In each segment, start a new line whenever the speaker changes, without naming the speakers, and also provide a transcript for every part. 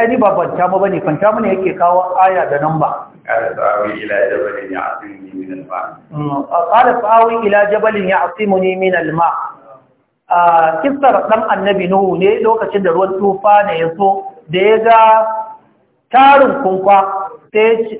ani ba banta ma bane fanta mana yake kawo aya da namba
qala sa'awi ila jabalin ya'simuni min al-ma mm,
qala sa'awi ila jabalin ya'simuni min al-ma ah, kissar ɗan annabi nuhu ne lokacin da ruwan tufa ne yaso da ya ga tarin kunkwa.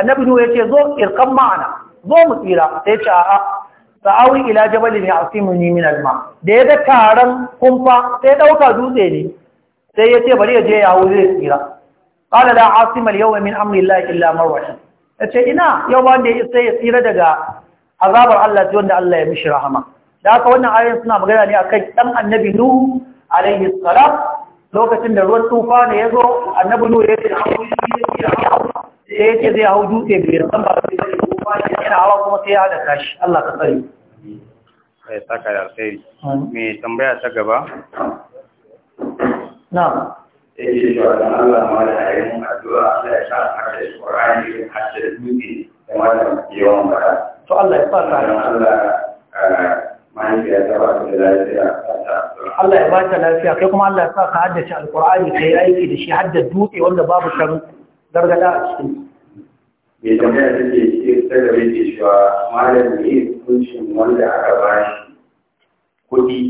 annabi nuhu ya ce, zo irkan ma'ana zo mu tsira sai ce a'a sa'awi ila jabalin ya asimuni min alma da ya ga taron kumfa sai ɗauka dutse ne sai ya ce bari ya je ya hau zai tsira qala da asima al-yawma min amri llahi illa man rahim yace ina yau wanda ya sai ya tsira daga azabar Allah ta wanda Allah ya mishi rahama da haka wannan ayoyin suna magana ne kai. dan annabi nuhu alaihi salam lokacin da ruwan tufa ne ya zo. annabi nuhu ya ce da ya ce zai hau dutse biyar san ba sai ya tufa
yana hawa kuma sai ya halaka kashi. Allah ka tsare ya mai tambaya ta gaba na yake cewa Allah yi Allah ya sa da duki da yawan Allah ya eh, ta lafiya Allah ya
bata lafiya kai kuma Allah ya sa ka haddace alqur'ani kai aiki da shi hadda dutse wanda babu sharu gargada a cikin
me tambaya take ce ta da yake cewa malam ne kuncin wanda aka ba kuɗi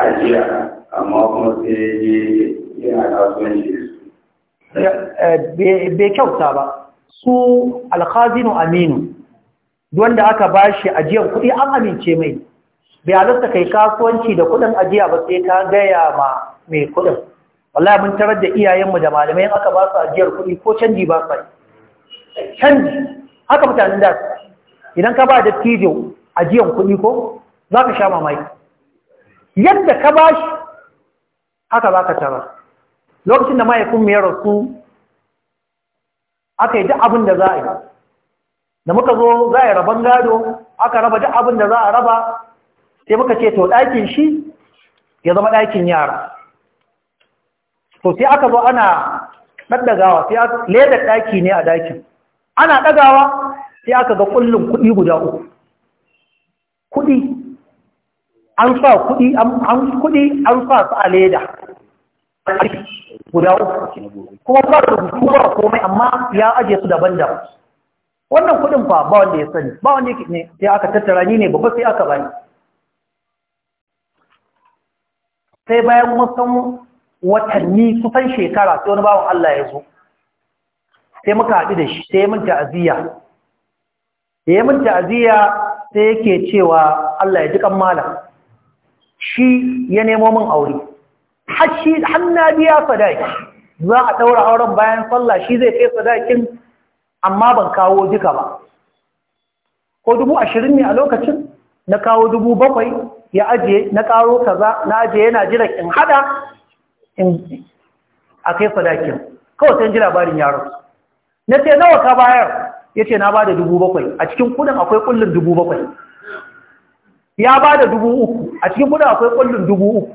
a jiya Eh,
bai kyauta ba su alkhazinu aminu wanda aka ba shi ajiyar kuɗi an amince mai bai alasta kai kasuwanci da kuɗin ajiya ba sai ta gaya ma mai kuɗin wallahi mun tarar da iyayenmu da malamai aka ba su ajiyar kuɗi ko canji ba sai canji haka mutanen da idan ka ba da tijo ajiyar kuɗi ko za ka sha mamaye yadda ka ba shi haka za ka tara lokacin da mu ya rasu aka yi duk abin da za a yi da muka zo za a yi rabon gado aka raba duk abin da za a raba sai muka ce to ɗakin shi ya zama ɗakin yara to sai aka zo ana ɗaɗɗagawa sai ledar ɗaki ne a ɗakin ana ɗagawa sai aka ga kullum kuɗi guda uku kuɗi an sa kuɗi an kuɗi an sa su a leda guda uku kuma ba rubutu ba komai amma ya aje su daban-daban wannan kuɗin fa ba wanda ya sani ba wanda ne sai aka tattara ni ne babba sai aka bani sai bayan musan watanni kusan shekara sai wani bawan Allah ya zo sai muka haɗu da shi sai mun ta'aziyya ya mun ta'aziyya sai yake cewa Allah ya ji kan malam shi ya nemo min aure har na biya sadaki za a ɗaura auren bayan sallah shi zai kai sadakin amma ban kawo duka ba ko dubu ashirin ne a lokacin na kawo dubu bakwai ya ajiye na karo kaza na ajiye yana jiran in hada in a kai sadakin kawai sai ji labarin yaron na ce nawa ka bayar ya ce na ba da dubu bakwai a cikin kudin akwai kullum dubu bakwai ya ba da dubu uku a cikin muna akwai kullum dubu uku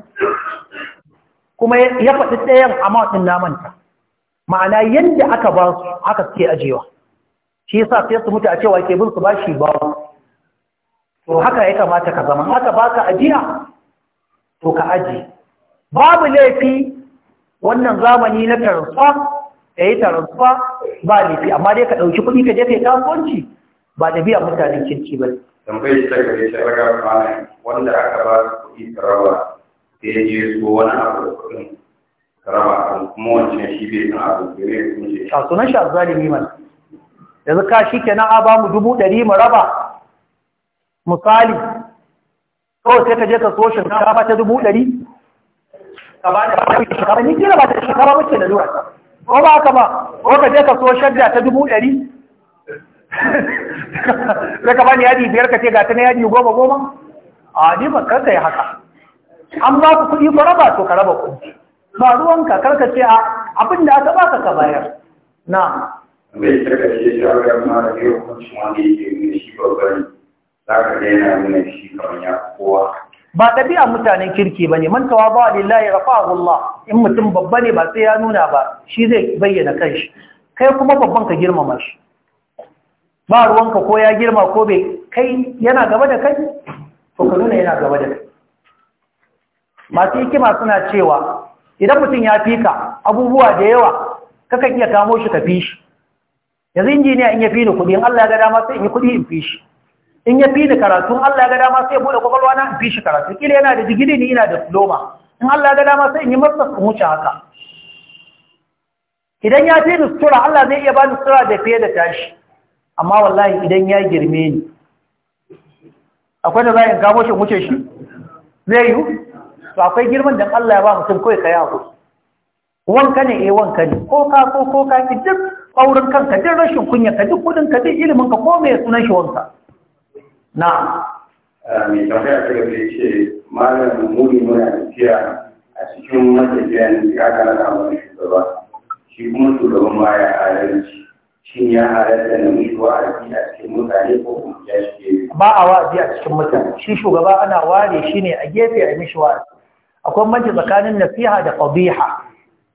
kuma ya faɗi ɗayan a ɗin namanta ma'ana yadda aka ba su aka suke ajewa shi yasa sai su mutu a cewa ke bin su ba shi ba to haka ya kamata ka zama haka ba ka ajiya to ka aji babu laifi wannan zamani na taransa ya yi taransa ba laifi amma dai ka ɗauki kuɗi ka je ka yi kasuwanci ba da biya mutane kirki ba
tambayi ta gare shi raga mana wanda aka ba su kuɗi karaba sai ya je su wani abu da kuɗin karaba a kuma wancan shi bai san abu da ya kuma ce
a sunan shi azzalimi mana yanzu ka shi kenan a ba mu dubu ɗari mu raba misali kawai sai ka je ka so shinkafa ta dubu ɗari ka ba ta shinkafa ni kira ba ta shinkafa mace da zuwa ko ba ka ba ko ka je ka so shadda ta dubu ɗari sai ka bani yadi biyar ka ce ga ta na yadi goma goma a ni ba karka yi haka an ba ku kuɗi ku raba to ka raba ku. ba ka karka ce a abin da aka baka ka bayar na
mai saka shi shawarar mara yau ma ne ke nuna shi babban za ka daina nuna shi kamar ya kowa
ba ɗabi'a mutanen kirki ba ne mantawa ba lillahi rafa'ahu Allah in mutum babba ne ba sai ya nuna ba shi zai bayyana kanshi kai kuma babban ka girmama shi ba ruwanka ko ya girma ko bai kai yana gaba da kai to ka nuna yana gaba da kai masu hikima suna cewa idan mutum ya fi ka abubuwa da yawa kakan iya kamo shi ka fi shi yanzu injiniya in ya fi ni kuɗi in Allah ya ga dama sai in yi kuɗi in fi shi in ya fi ni karatu in Allah ya ga dama sai ya bude kwakwalwa na in fi shi karatu kila yana da digiri ni ina da diploma in Allah ya ga dama sai in yi masa in wuce haka idan ya fi ni sutura Allah zai iya ba ni sutura da fiye da tashi amma wallahi idan ya girme ni akwai da za in kamo shi wuce shi zai yi to akwai girman da Allah ya ba mutum kawai ka yawo wanka ne eh wanka ne ko ka ko ko ka ki duk auren kanka duk rashin kunya ka duk kudin ka duk ilimin ka ko mai sunan shi wanka
na'am eh, mai tambaya ta gaba ce malam muni muna tafiya a cikin matafiya ne da aka rada mana shugaba shi kuma shugaban baya a adalci shin ya halatta na mai wa'azi a cikin mutane ko kuma ya
shige ba a wa'azi a cikin mutane shi shugaba ana ware shi ne a gefe a mishi wa'azi akwai manci tsakanin nasiha da fadiha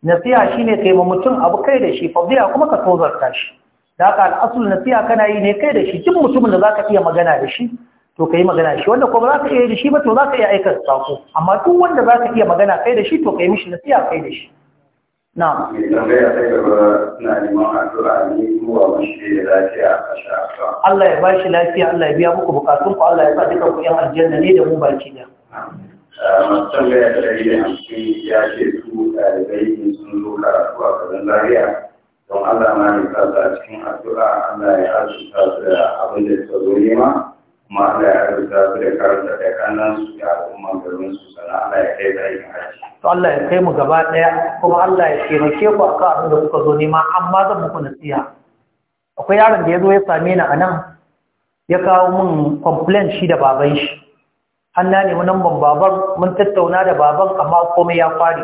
nasiha shine kai ma mutum abu kai da shi fadiha kuma ka tozarta shi da haka al'asul nasiha kana yi ne kai da shi duk mutumin da zaka iya magana da shi to kai magana da shi wanda kuma zaka iya da shi ba to zaka iya aika sako amma duk wanda zaka iya magana kai da shi to kai mishi nasiha kai da shi na Allah ya bashi lafiya Allah ya biya muku bukatun ku Allah ya sa duka ku yan aljanna ne
da mu baki da mutum ya ya ce su ɗalibai ne sun zo a kazan don Allah ma ya sa su a cikin addu'a Allah ya arzuta su da abin da suka zo nema kuma Allah ya arzuta su da karanta da kanan su da al'umma garin su sannan Allah ya kai da aikin to Allah ya kai mu gaba daya kuma Allah ya
taimake ku akan abin da kuka zo nema amma zan muku nasiha akwai yaron da ya zo ya same ni anan ya kawo min complaint shi da baban shi Hanna na nemi namban baban mun tattauna da baban amma komai ya fari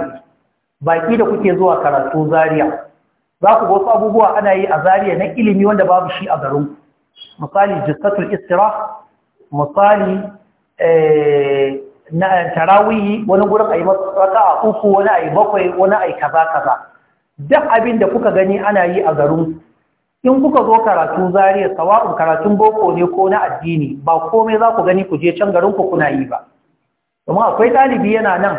baki da kuke zuwa karatu zaria za ku ga wasu abubuwa ana yi a zaria na ilimi wanda babu shi a garin misali jissatul istirah misali eh, na eh, tarawihi wani gurin a yi a uku wani a yi bakwai wani a yi kaza kaza duk abin da kuka gani ana yi a garin in kuka zo karatu zariya sawa'un karatun boko ne ko na addini ba komai za ku gani ku je can garin ku kuna yi ba domin akwai ɗalibi yana nan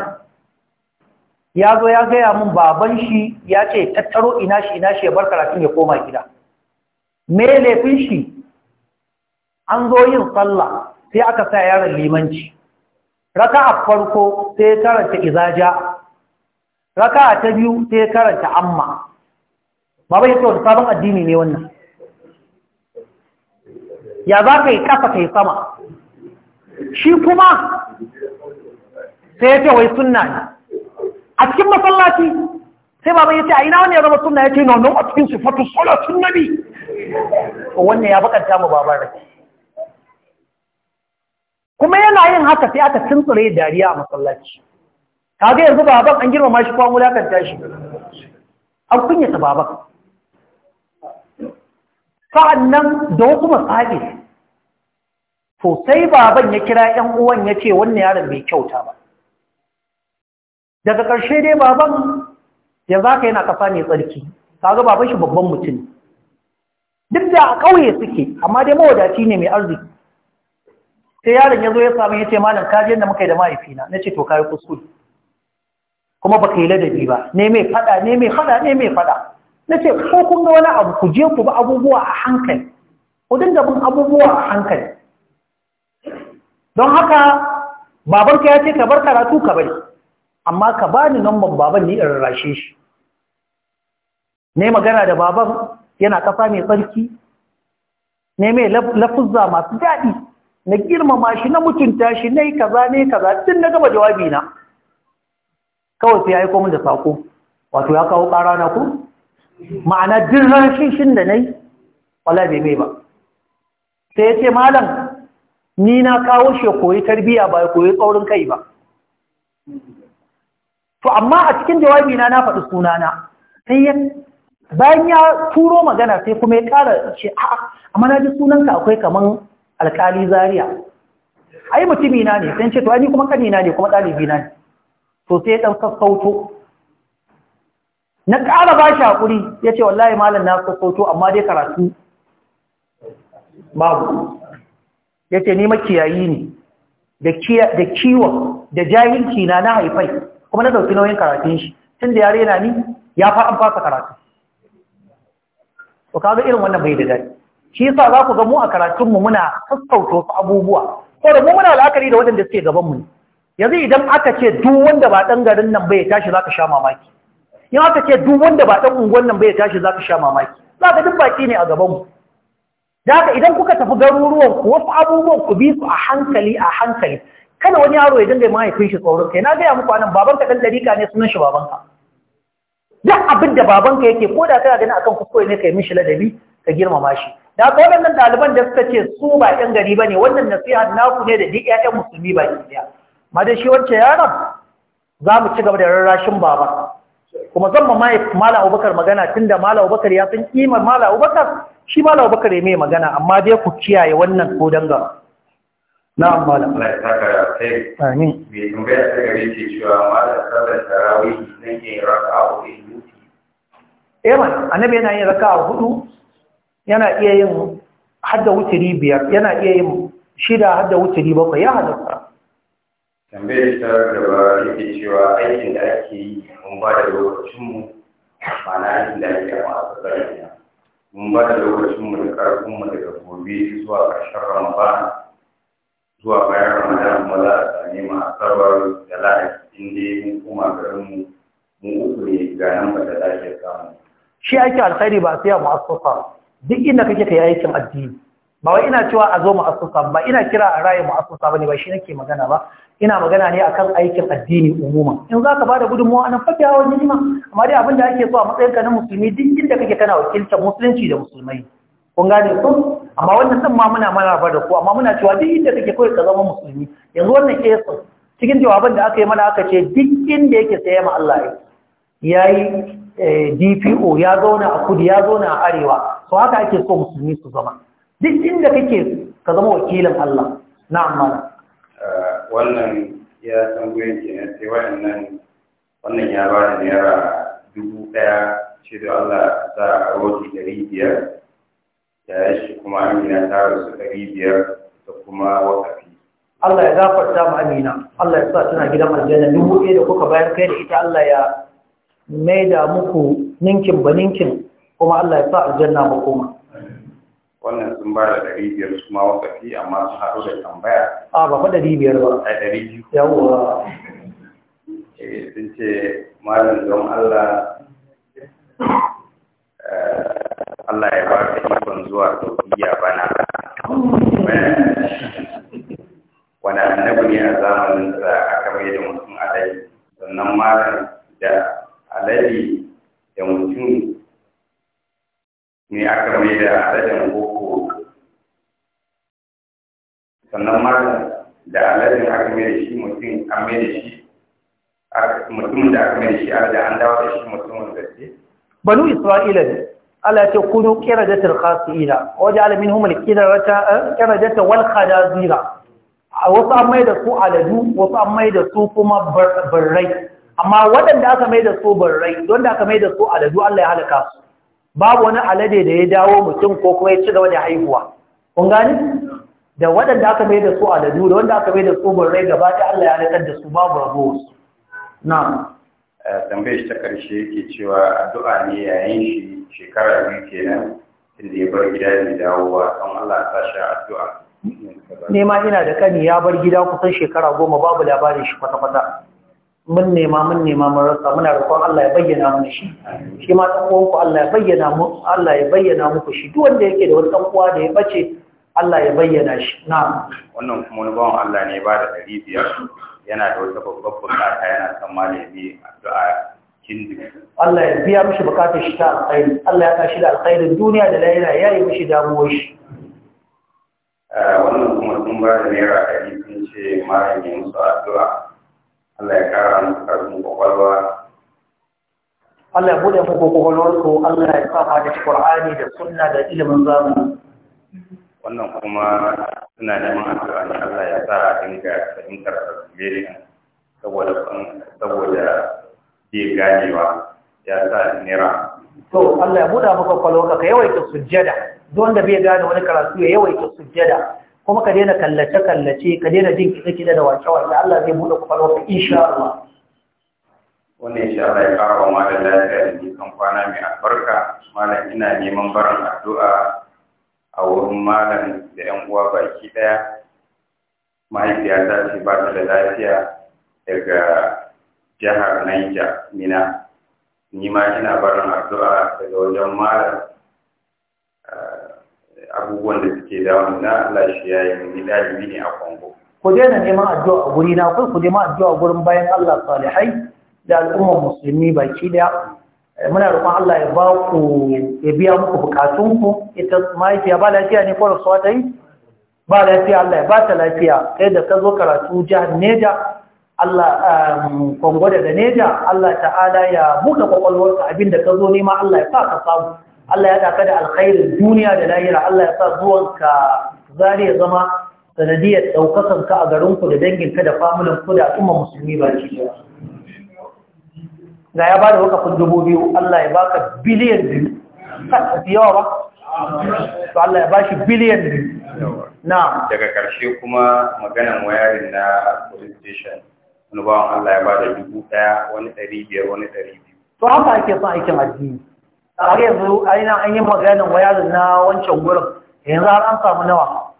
ya zo ya gaya min baban shi ya ce tattaro ina shi ina shi ya bar karatun ya koma gida me laifin shi an zo yin sallah sai aka sa yaron limanci a farko sai ya karanta izaja raka'a ta biyu sai ya karanta amma baba yake wata sabon addini ne wannan ya za ka yi ƙasa ka yi sama
shi kuma sai ya ce wai suna
ne a cikin masallaci sai baba ya ce a ina wani ya zama suna ya ce na wani a cikin sifatu sola sunabi wannan ya bakanta mu babar rake kuma yana yin haka sai aka tuntsure dariya a masallaci kaga yanzu baban an girmama shi kuma mulakanta tashi? an kunyata baban sa'annan da wasu masabi to sai baban ya kira 'yan uwan ya ce wannan yaron bai kyauta ba daga ƙarshe dai baban ya za ka yana kasa mai tsarki kaga baban shi babban mutum duk da a ƙauye suke amma dai mawadaci ne mai arziki sai yaron ya zo ya samu ya ce malam ka je da muka yi da mahaifina na ce to kayi kuskure kuma baka yi ladabi ba ne mai fada ne mai fada ne mai fada na ce ko kun ga wani abu ku je ku ba abubuwa a hankali ku dinga bin abubuwa a hankali don haka babanka ya ce ka bar karatu ka bari amma ka ba ni baban ni in rarrashe shi ne magana da baban yana kasa mai tsarki ne mai lafuzza masu daɗi na girmama shi na mutunta shi nai kaza ne kaza tun na gaba jawabi na kawai sai aiko min da sako wato ya kawo ƙara ku ma'ana din rashin da nai wala bai mai ba sai ya ce malam ni na kawo shi koyi tarbiya ba koyi tsaurin kai ba to amma a cikin jawabi na na faɗi sunana sai ya bayan ya turo magana sai kuma ya ƙara ce a'a amma na ji sunanka akwai kaman Alƙali zariya ai mutumi na ne sai ce to ai kuma kanina ne kuma dalibi na ne to sai dan sassauto na ƙara ba shi hakuri yace wallahi malam na sassauto amma dai karatu babu yace ni makiyayi ne da kiya da kiwo da jahilci na na haifai kuma na dauki nauyin karatun shi tun da yare na ni ya fa an fasa karatu to kaga irin wannan bai da dadi shi yasa za ku ga mu a karatunmu muna sassauta wasu abubuwa saboda mu muna la'akari da waɗanda suke gaban ne yanzu idan aka ce duk wanda ba ɗan garin nan bai tashi za ka sha mamaki in aka ce duk wanda ba ɗan unguwan nan bai tashi za ka sha mamaki za ka duk baki ne a mu. da haka idan kuka tafi garuruwan ku wasu abubuwan ku bi su a hankali a hankali kada wani yaro ya dinga mahaifin shi tsoron kai na gaya muku anan babanka ɗan dariƙa ne sunan shi babanka duk abin da babanka yake ko da kana gani akan kuskure ne kai mishi ladabi ka girmama shi da ko wannan ɗaliban da suka ce su ba ɗan gari ba ne wannan nasihar naku ne da duk ƴaƴan musulmi ba ke ɗaya ma dai shi wancan yaron za mu ci gaba da rarrashin baba kuma zan ma mala abubakar magana tunda da mala abubakar ya san kimar mala abubakar shi mala abubakar ya mai magana amma dai ku kiyaye wannan ko dangara na'am mala Allah ta saka ya
sai amin me tambaya ta gare ce cewa mala sallar tarawih zan yi raka'a hudu
eh man annabi yana yin raka'a hudu yana iya yin hadda wuturi biyar yana iya yin shida hadda wuturi bakwai ya halatta
tambayar ta gaba yake cewa aikin da ake yi mun ba da lokacinmu mana aikin da ake a tsakaniya mun ba da lokacinmu da ƙarfinmu daga gobe zuwa ƙarshen ramadan zuwa bayan ramadan kuma za a sami sabar da la'aiki inda mun koma garinmu mu uku ne ga nan ba da lafiyar samu
shi ake alkhairi ba sai a mu'assasa duk inda kake kai aikin addini ba wai ina cewa a zo mu asusa ba ina kira a rayu mu asusa bane ba shi nake magana ba ina magana ne akan aikin addini umuma in za ka bada gudunmawa anan fadiya wa ma amma dai abin da ake so a matsayin ka na musulmi duk inda kake kana wakiltar musulunci da musulmai kun gane ku amma wannan san ma muna maraba da ku amma muna cewa duk inda kake kawai ka zama musulmi yanzu wannan kesin cikin jawabin da aka yi mana aka ce duk inda yake sai ma Allah ya yi Eh, dpo ya zauna a kudu ya zauna a arewa so haka ake so musulmi su zama duk inda kake ka zama wakilin allah na amana
eh, wannan ya tambayin kenan sai wayannan wannan ya ba da naira dubu ɗaya ce da allah za a roji ɗari biyar ya shi kuma amina ta rasu ɗari biyar da kuma wakafi
Allah ya gafarta mu amina Allah ya sa tana gidan aljanna dubu ɗaya da kuka bayar kai da ita Allah ya mai da muku ninkin ba ninkin
kuma Allah ya sa aljanna ba koma wannan sun ba da ɗari biyar su ma wakafi amma su haɗu da tambaya a ba fa ɗari biyar ba a ɗari biyu yawwa eh, sun ce malam don Allah eh, Allah ya ba ka ikon zuwa Saudiya bana wani annabi ne a zamanin sa aka bai da mutum alai sannan malam da alade da mutum ne aka mai da aladen boko sannan mara da aladen aka mai da shi mutum an mai da shi mutumin da aka mai da shi aladen an dawo da shi mutumin gaske
banu isra'ila ne Allah ce kunu qiradatul khasiina waja'ala minhum al-qiradata qiradata wal khadazira wasu an mai da su aladu wasu an mai da su kuma barrai amma waɗanda aka mai da su barrai wanda aka mai da su aladu Allah ya halaka su babu wani alade da ya dawo mutum ko kuma ya ci gaba da haihuwa kun gani da waɗanda aka mai da su aladu da wanda aka mai da su barrai gaba da Allah ya halaka da su babu rabo su
na eh, tambayar shi ta karshe yake cewa addu'a ne yayin shi shekara biyu kenan inda ya bar gida dawo dawowa don Allah ya sa addu'a nema
ina da kani ya bar gida kusan shekara goma babu labarin shi kwata-kwata mun nema mun nema mun rasa muna roƙon Allah ya bayyana mana shi shi ma dan ku Allah ya bayyana mu Allah ya bayyana muku shi duk wanda yake da wani dan uwa da ya bace
Allah ya bayyana shi na. wannan kuma wani bawan Allah ne ba da ɗari biyar yana da wata babbar bukata yana son malami addu'a kindu
Allah ya biya mishi bukatar shi ta alkhairi Allah ya tashi da alkhairin duniya da lahira ya yi mishi damuwar shi
eh, wannan kuma sun ba da naira ɗari sun ce malami musu addu'a Allah ya kara mu karfin kwakwalwa
Allah ya bude muku kwakwalwarku Allah ya sa ma da Qur'ani da sunna da ilimin zamani
wannan kuma suna neman addu'a ne Allah ya sa a dinga fahimtar Algeria saboda saboda bai ganewa ya sa nira
to Allah ya bude maka kwakwalwarka ka yawaita sujjada don da bai gane wani karatu ya yawaita sujjada kuma ka daina kallace-kallace ka daina jin kiɗe-kiɗe da wake-wake Allah zai buɗe kwakwalwarka insha Allah.
Wanda insha Allah ya ƙara wa malam lafiya da nisan kwana mai albarka malam ina neman barin addu'a a wurin malam da ‘yan uwa baki ɗaya. Mahaifiyata su ba ta da lafiya daga jihar Niger, Mina. Ni ma ina barin addu'a daga wajen malam abubuwan da suke dawo na Allah shi ya yi ni dalibi ne a Kongo.
Ku daina neman addu'a a guri na kai ku neman addu'a a gurin bayan Allah salihai da al'ummar musulmi baki daya. Eh, muna roƙon Allah ya ba ku ya biya muku ku ita mahaifiya ba lafiya ne ko rasuwa ta yi? Ba lafiya Allah ya ba ta lafiya kai da ka zo karatu jihar Neja Allah um, Kongo da Neja Allah ta'ala ya buɗe kwakwalwarka abinda ka zo nema Allah ya sa ka samu. Allah ya daka da alkhairin duniya da lahira Allah ya sa zuwanka zari ya zama sanadiyar ɗaukakan ka a garinku da danginka da familin ku da al'umma musulmi ba ce ga ya bada wakafin dubu biyu Allah ya baka biliyan biyu fi yawa ba to Allah ya bashi biliyan biyu
na daga karshe kuma maganan wayarin na police station wani bawan Allah ya bada dubu ɗaya wani ɗari biyar wani ɗari biyu
to haka ake son aikin addini a yanzu ainihin an yi maganin wayarin na wancan gurin yanzu har an samu nawa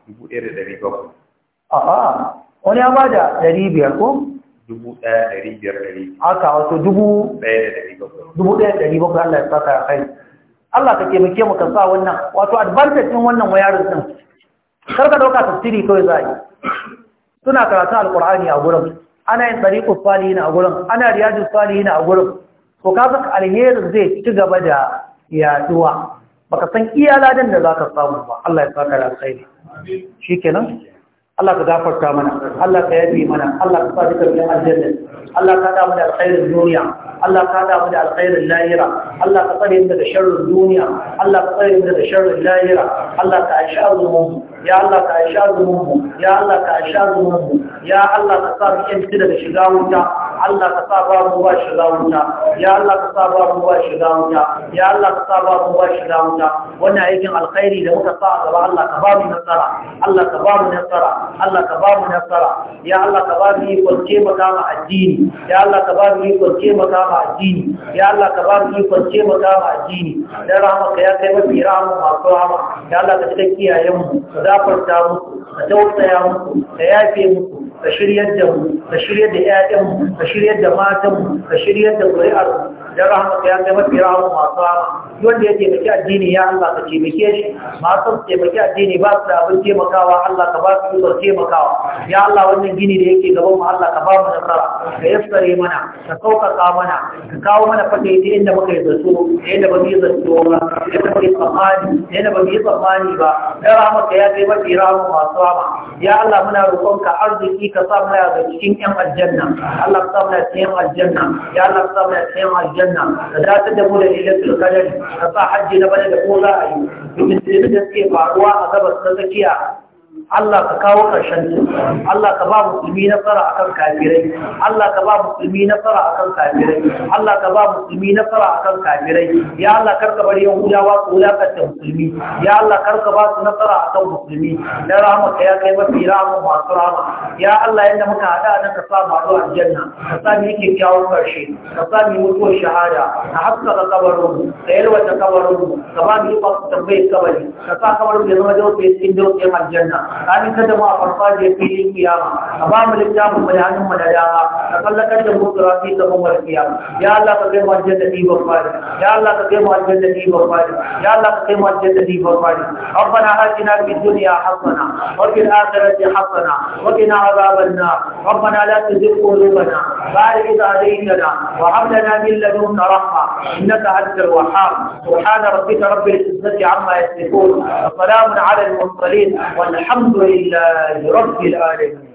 a'a wani ya ba da ɗari biyar ko? dubu ɗaya ɗari biyar ɗari haka wato dubu ɗaya da ɗari bakwai Allah ya saka ya kai Allah ka taimake mu ka sa wannan wato advantage ɗin wannan wayarin din kar ka ɗauka tafsiri kawai za yi suna karatun alƙur'ani a gurin ana yin tariqus salihin a gurin ana riyadus salihin a gurin to kaga alherin zai ci gaba da yaduwa baka san iya ladan da zaka samu ba Allah ya saka da alkhairi shikenan Allah ka gafarta mana Allah ka yabi mana Allah ka sa duka cikin aljanna Allah ka da mu da alkhairin duniya Allah ka da mu da alkhairin lahira Allah ka tsare mu daga sharrin duniya Allah ka tsare mu daga sharrin lahira Allah ka aisha mu. ya Allah ka aisha mu. ya Allah ka aisha mu. ya Allah ka sa mu daga shiga wuta Allah ka sa ba mu ba shiga wuta ya Allah ka sa babu mu ba shiga wuta ya Allah ka sa ba ba shiga wuta wannan aikin alkhairi da muka sa gaba Allah ka ba nasara Allah ka ba nasara Allah ka ba nasara ya Allah ka ba yi kwance taimaka ma addini ya Allah ka ba yi kwance taimaka ma addini ya Allah ka ba mu ikon taimaka ma addini dan rahmaka ya kai mafi rahama masu rahama ya Allah ka cika kiyayen mu ka zafarta mu ka tausaya mu ka yafe mu ka shiryar da mu ka shiryar da ƴaƴan mu ka shiryar da matan mu ka shiryar da ƙuri'ar da rahama ya ga mafi rahama masu rahama wanda ya taimaki addini ya Allah ka taimake shi masu taimaki addini ba su da abin taimakawa Allah ka ba su ikon taimakawa ya Allah wannan gini da yake gaban mu Allah ka ba mu nasara ka yassare mana ka sauƙaƙa mana ka kawo mana fage ta inda muka yi zato da yadda ba mu yi zato ba da yadda ba mu yi tsammani da yadda ba mu yi tsammani ba ya rama ya kai mafi rama masu rama ya Allah muna roƙonka arziki ka sa mana ga cikin ƴan aljanna Allah ka sa mana cikin aljanna ya Allah ka sa mana cikin aljanna ka dace da mu da ilatul qadari a sa hajji na bane da ko za a yi da suke faruwa a gabas na tsakiya Allah ka kawo ƙarshen su Allah ka ba musulmi nasara akan kafirai Allah ka ba musulmi nasara akan kafirai Allah ka ba musulmi nasara akan kafirai ya Allah karka bari yahudawa su wulakanta musulmi ya Allah karka ba su nasara akan musulmi da rahmaka ya kai mafi rama masu rahama ya Allah yadda muka haɗa nan ka sa mu a aljanna ka sa mu yake kyawun ƙarshe ka sa mu mutuwar shahada ka haskaka kabarin ka yalwata kabarin ka ba mu yi su tambayar kabari ka sa kabarin ya zama dauke cikin dauke aljanna kani ta da ma farfajiyar filin kiyama a ba mu littafin mu da hannun mu da dama ka tsallakar da mu tsira fi gaban wal kiyama ya Allah ka kai mu aljanna ni ban fadi ya Allah ka kai mu aljanna ni ban fadi ya Allah ka kai mu aljanna ni ban fadi ربنا آتنا في الدنيا حسنة وفي الآخرة حسنة وقنا عذاب النار ربنا لا تزغ قلوبنا بعد إذ هديتنا وهب لنا من لدنك رحمة إنك أنت الوهاب سبحان ربك رب العزة عما يصفون وسلام على المرسلين والحمد الحمد لله رب العالمين